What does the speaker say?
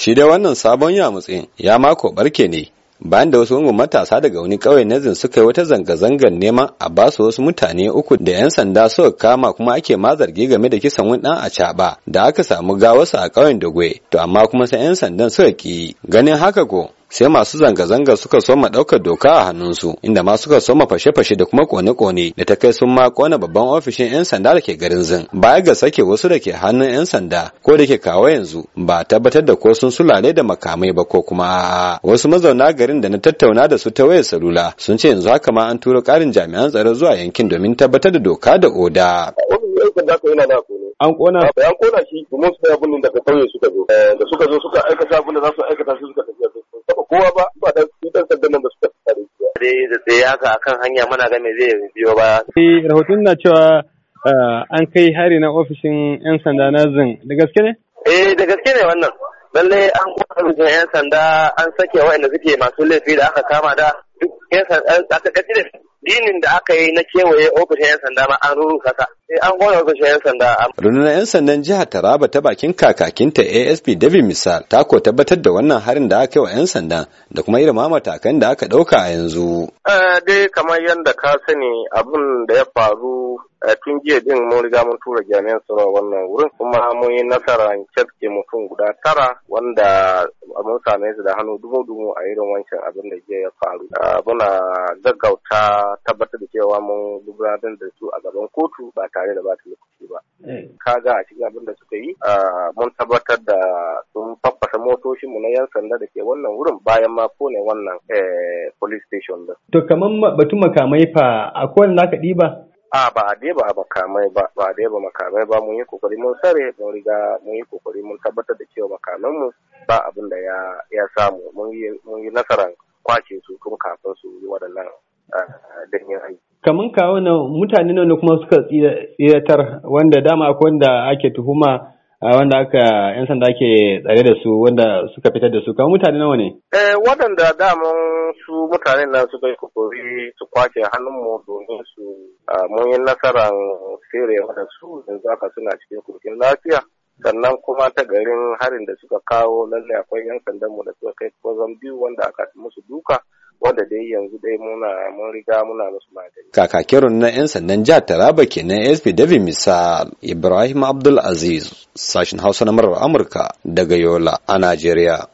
shi dai wannan sabon yamutsin ya mako barke ne bayan da wasu ungun matasa daga wani ƙauye nazin suka yi wata zanga-zangar neman a ba su wasu mutane uku da 'yan sanda suka kama kuma ake ma zargi game da kisan wani ɗan acaɓa da aka samu gawarsa a ƙauyen dagwe to amma kuma sai 'yan sandan suka ki ganin haka ko sai masu zanga-zanga suka soma ɗaukar doka a hannunsu inda ma suka soma fashe-fashe da kuma kone-kone da ta kai sun ma kona babban ofishin 'yan sanda da ke garin zin baya ga sake wasu da ke hannun 'yan sanda ko da ke kawo yanzu ba tabbatar da ko sun sulale da makamai ba ko kuma wasu mazauna garin da na tattauna da su ta wayar salula sun ce yanzu haka ma an turo ƙarin jami'an tsaro zuwa yankin domin tabbatar da doka da oda. an kona an kona shi domin su abin da daga kauye suka zo eh, da suka zo suka aikata abin da za su aikata su suka kowa ba ba da dan sandan nan ba suka tsare shi dai da tsaye haka akan hanya muna ga me zai biyo ba eh rahoton na cewa eh, an kai hari na ofishin yan sanda na zin da gaske ne eh da gaske ne wannan lalle an kuma da yan sanda an sake wa'anda suke masu laifi da aka kama da duk yan sanda aka kace dinin da aka yi na kewaye ofishin yan sanda ma an rurrusa Eh, an gona shi 'yan sanda. Rundunar 'yan sandan jihar Taraba ta bakin kakakinta ASP David Misal ta ko tabbatar da wannan harin da aka yi wa 'yan sandan da kuma irin matakan da aka ɗauka a yanzu. Eh, dai kamar yadda ka sani abin da ya faru eh, tun jiya din mun riga mun tura jami'an tsaro wannan wurin kuma mun yi nasara cafke mutum guda tara wanda mun same su da hannu dubu dubu a irin wancan abin da jiya ya faru muna gaggauta tabbatar da cewa mun gudanar da su a gaban kotu ba tare tare da bata lokaci ba eh. kaga a cikin abin da suka yi mun tabbatar da sun faffasa motoshinmu na yan sanda da ke wannan wurin bayan ma ne wannan eh, police station din to kamar batun makamai fa a akwai naka ɗiba a ba a deba makamai ba ba a deba makamai ba mun yi kokari mun sare mun riga mun yi kokari mun tabbatar da cewa makamanmu ba abin da ya samu mun yi nasarar kwace su tun kafin su yi waɗannan eh, yin aiki kamar kawo na mutane ne kuma suka tsiratar wanda dama akwai wanda ake tuhuma wanda aka yan sanda ake tsare da su wanda suka fitar da su kamar mutane nawa ne eh waɗanda daman su mutanen nan suka yi kokori su kwace hannunmu domin su mun yi nasarar sere su yanzu aka suna cikin kurkin lafiya sannan kuma ta garin harin da suka kawo lallai akwai yan sandanmu da suka kai kwazon biyu wanda aka musu duka wanda dai yanzu dai muna mun riga muna musu magani. Kakakin na 'yan sandan jihar Taraba kenan SP Davi Misal Ibrahim Abdul Aziz sashin Hausa na murar Amurka daga Yola a Najeriya.